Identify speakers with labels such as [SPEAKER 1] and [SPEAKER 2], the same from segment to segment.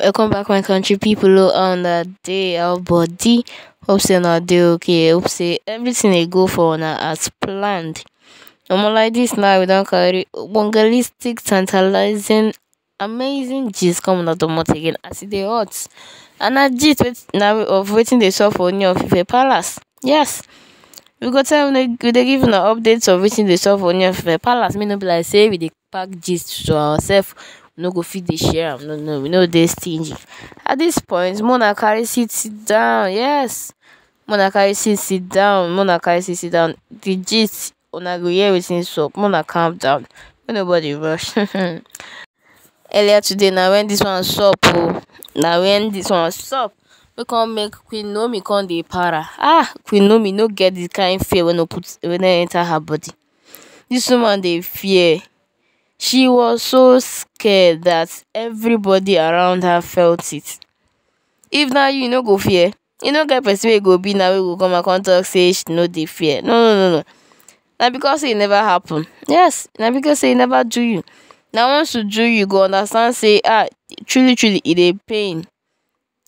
[SPEAKER 1] Welcome back, my country people. On that day, our body. Hope say not dey okay. Hope say everything they go for now as planned. Normal like this now, we don't carry bungalistic, tantalizing, amazing gist coming out the mouth again as it they And I did with, now of waiting they saw for new of Palace. Yes. we got time. we they give the updates of waiting. They saw for the palace make no be like say we the pack gist to ourselves no go fit dey share am no no we no dey stingy at this point mona carry sit sit down yes mona carry sit sit down mona carry sit sit down the gist una go hear everything. So, mona calm down make nobody rush earlier today na when this one sup o na when this one sup we come make queen naomi come dey para ah queen naomi no get this kind fear when no put when no enter her body This woman dey fear She was so scared that everybody around her felt it. If now you no go fear, you no get person go be now we go come and come talk say she no dey fear. No, no, no, no. Na because it never happen. Yes, Now because say never do you. Now once you do you go understand say ah truly truly it a pain.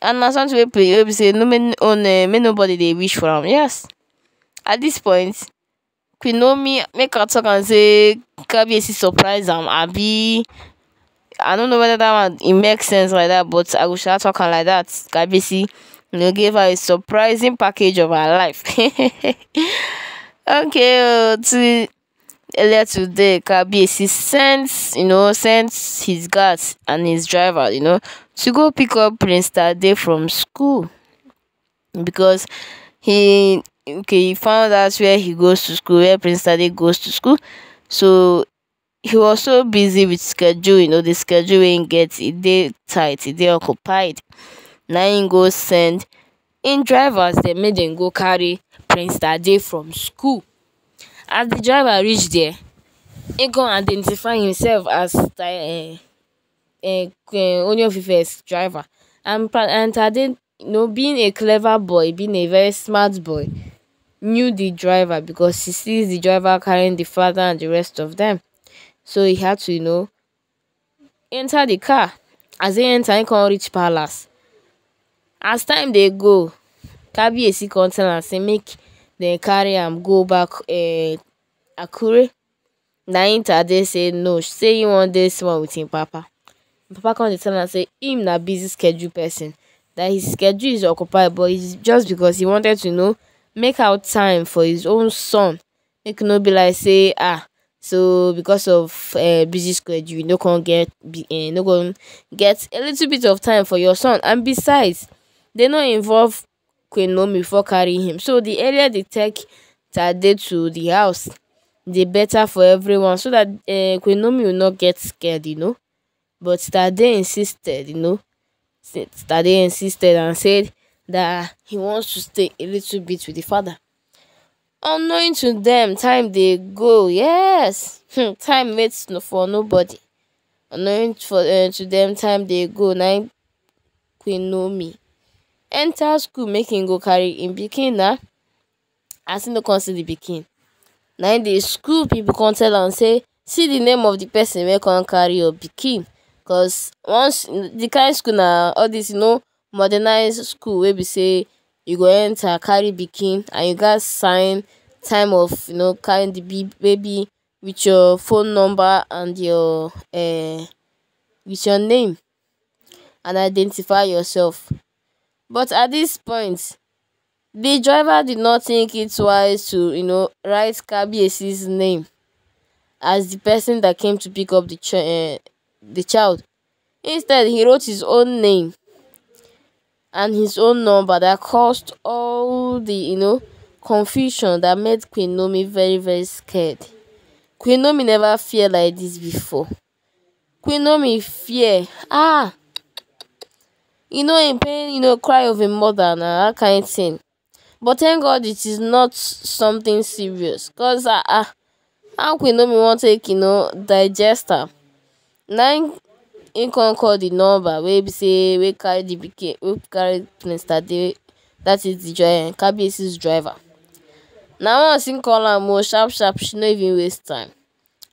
[SPEAKER 1] And na something wey say no make, on no, eh, make nobody they wish for him. Yes. At this point, know me. make her talk and say KBC surprise am Abi. I don't know whether that one it makes sense like that, but I wish I talk like that. KBC you know, gave her a surprising package of her life. okay, uh, to, earlier today, KBC sends you know sends his guards and his driver you know to go pick up Prince Tade from school because he okay he found out where he goes to school where prince Tade goes to school so he was so busy with schedule you know the schedule ain't get e dey tight e dey occupied Now he go send in drivers dem made him go carry prince Tade from school as the driver reached there he come identify himself as the, uh, uh, eh, eh, Ooni of Ife's driver and and Tade you know being a clever boy being a very smart boy knew the driver because he sees the driver carrying the father and the rest of them. So he had to, you know, enter the car. As they enter, he can reach palace. As time they go, Kabi can tell and say, make them carry him go back uh, Akure. Na enter they say, no, say you want this one with him, Papa. Papa come to tell and say, him na busy schedule person. That his schedule is occupied, but it's just because he wanted to know make out time for his own son make e no be like say ah so because of eh, busy schedule you no con get eh, no go get a little bit of time for your son and besides they no involve kwenomi for carrying him so the earlier they take tade to the house the better for everyone so that uh, eh, Kwenomi will not get scared, you know. But Tade insisted, you know. Tade insisted and said that he wants to stay a little bit with the father. Unknowing to them, time they go. Yes, hmm, time waits for nobody. Unknowing for uh, to them, time they go. Now Queen Naomi enter school, making go carry in bikini. Nah? I see the concert the bikini. Now the school people can tell and say, see the name of the person where can carry your bikini. Cause once the kind school now, all this you know. modernize school wey be sey you go enter carry pikin and you gats sign time of you know carrying the baby with your phone number and your um with your name and identify yourself. But at this point the driver did not think it wise to you know write Kabiyesi's name as the person that came to pick up the um the child. Instead he wrote his own name and his own number that caused all the you know confusion that made Queen Naomi very very scared. Queen Naomi never fear like this before. Queen Naomi fear ah you know in pain you know cry of a mother and nah, that kind of thing. But thank God it is not something serious because ah uh, ah uh, how Queen Naomi wan take you know digest am. Na im con call the number wey be say wey carry the pikin wey carry mr dey That is the driver. Eh, kabiyesi's driver na once im call am o oh, sharp sharp she no even waste time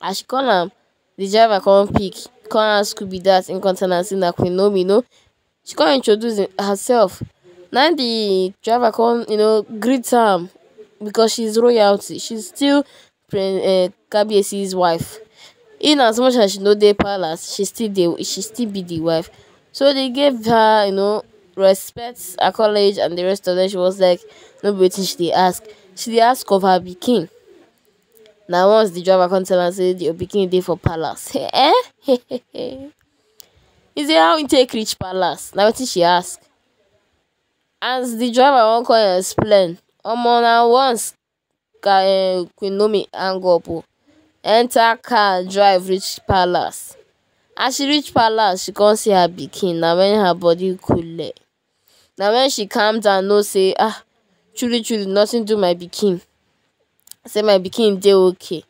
[SPEAKER 1] as she call am the driver come pick come ask who be that im come tell am say na queen naomi no she come introduce herself na the driver come you know greet am because she's is royalty she still um kabiyesi's wife. In as much as she know dey palace she still she still be the wife so they gave her you know respect accolades and the rest of them. she was like no be wetin she dey ask she dey ask of her pikin Now once the driver come tell am say your pikin dey for palace eh He say how e take reach palace Now wetin she ask as the driver wan come explain omo na once eh, queen nomi hang up o enter car drive reach palace as she reach palace she come see her pikin na when her body coole na when she calm down know say ah truly truly nothing do my pikin say my pikin dey okay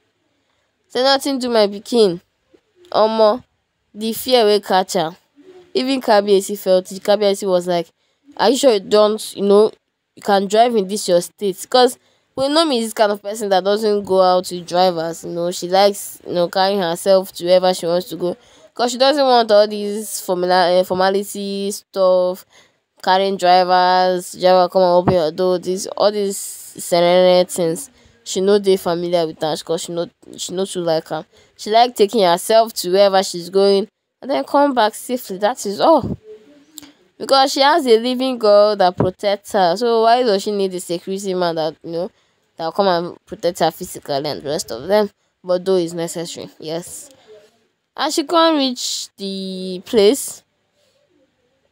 [SPEAKER 1] say nothing do my pikin omo the fear will catch her. even kabiyesi felt it kabiyesi was like are you sure you don't you know you can drive in this your state because know me. This kind of person that doesn't go out with drivers. You know, she likes you know carrying herself to wherever she wants to go, cause she doesn't want all these formula uh, eh, formality stuff, carrying drivers, driver come and open your door, this all these serenity things. She know they familiar with us, cause she know she know too like her. She like taking herself to wherever she's going, and then come back safely. That is all because she has a living God that protects her. So why does she need a security man that you know that will come and protect her physically and the rest of them, but though is necessary, yes. and she can't reach the place,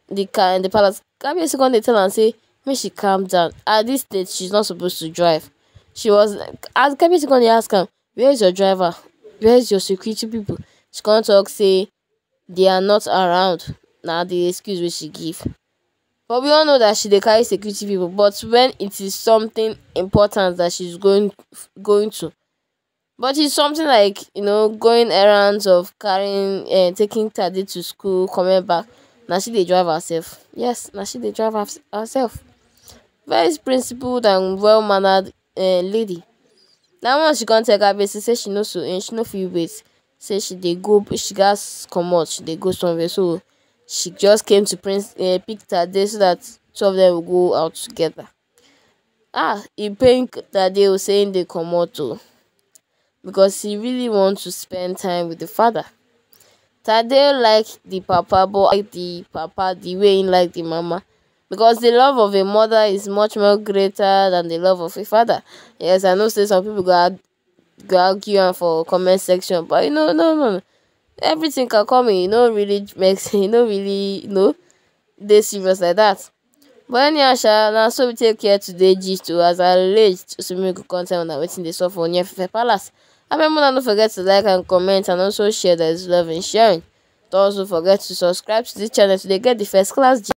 [SPEAKER 1] the car in the palace, Gabby is going to tell her and say, May she calm down. At this stage, she's not supposed to drive. She was, as Gabby is going to ask him, where's your driver? Where's your security people? She going to talk, say, they are not around. Now nah, the excuse which she give. But we all know that she dey carry security people but when it is something important that she's going going to but it's something like you know going errands of carrying uh, taking Tade to school coming back na she dey drive herself yes na she dey drive herself very principled and well mannered uh, eh, lady na once she come tell kabiyesi say she no so and eh, she no fit wait say she dey go she gats comot she dey go somewhere so she just came to Prince uh, pick Tade so that two of them will go out together. Ah, he picked Tadeo saying they come out too, because he really wants to spend time with the father. Tadeo like the papa, but like the papa the way he like the mama. Because the love of a mother is much more greater than the love of a father. Yes, I know say some people go, go argue for comment section, but you know, no, no, no. everything can come in. You e know, really vex. You know, really you know dey serious like that. But anyhow sha, na so we take care today gist o as I relate to make we come tell una wetin dey sup for Onyefife Palace. Abeg una no forget to like and comment and also share there is love in sharing. Don't also forget to subscribe to this channel to dey get the first class gist.